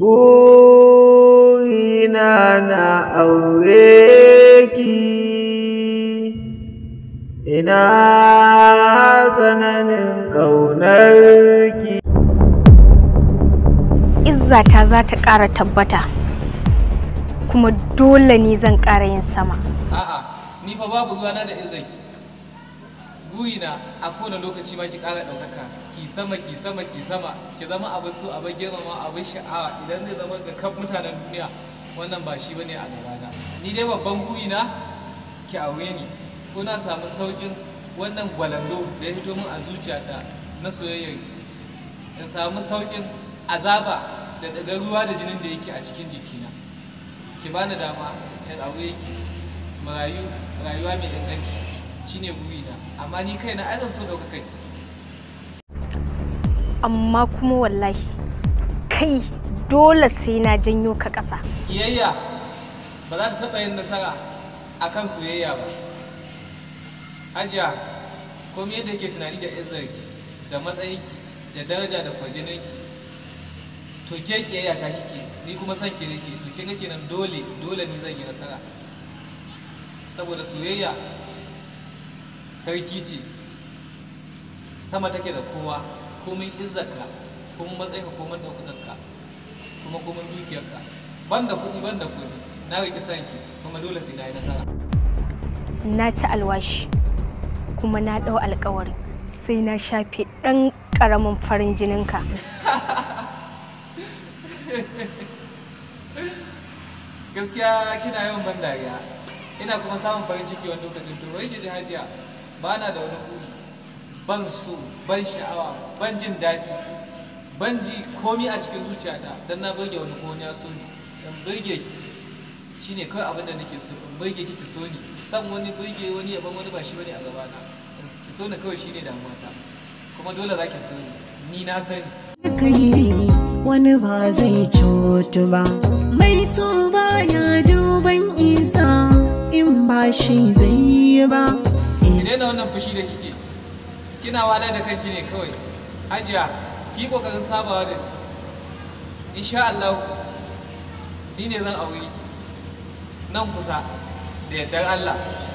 burina na aure ki ina tsananin ƙaunar ki izzata za ta ƙara tabbata kuma dole ne zan ƙara yin sama a'a ni fa babu ruwana da izzaki burina a kowane lokaci ma ki kara ɗaukaka ki sama ki sama ki sama ki zama abu so abin girmama abin sha'awa idan zai zama ga kan mutanen duniya wannan ba shi bane a gabana ni dai babban burina ki aure ni ko na samu saukin wannan gwalando da ya fito min a zuciyata na soyayyar ki in samu saukin azaba da daga ruwa da jinin da yake a cikin jikina ki bani dama in aure ki marayu rayuwa mai inganci shine burina amma ni kaina na aizan so dauka kai. amma kuma wallahi kai dole sai na janyo ka ƙasa kiyayya ba za ta taɓa yin nasara akan soyayya ba hajiya komai yadda ke tunani da izarki da matsayinki da daraja da kwarjininki to ke kiyayya ta kike ni kuma san ke nake to ke nan dole dole ni zan yi nasara saboda soyayya sarki ce sama take da kowa komai izzarka komin matsayinka komin ɗaukakarka kuma komai dukiyarka ban da kuɗi ban da na riƙe sanki kuma dole sai na yi nasara na ci alwashi kuma na ɗau alkawari sai na shafe ɗan ƙaramin farin jininka gaskiya kina yawan ban dariya ina kuma samun farin ciki wani lokacin to wai ki ji hajiya ba na da wani buri ban so ban sha'awa ban jin daɗi ban ji komi a cikin zuciyata don na burge wani ko ya so ne dan burge shi ne kawai abin da nake so in burge ki so ne san wani burge wani yaban wani ba shi bane a gabana ki so ne kawai shi ne ta kuma dole za ki so ni ni na sani wani ba zai cutu ba mai so ba ya duban isa in ba shi zai yi ba daina wannan fushi da kike kina wala da kanki ne kawai hajiya ki kokarin sabawa da insha Allah ni ne zan aure nan kusa da yardar Allah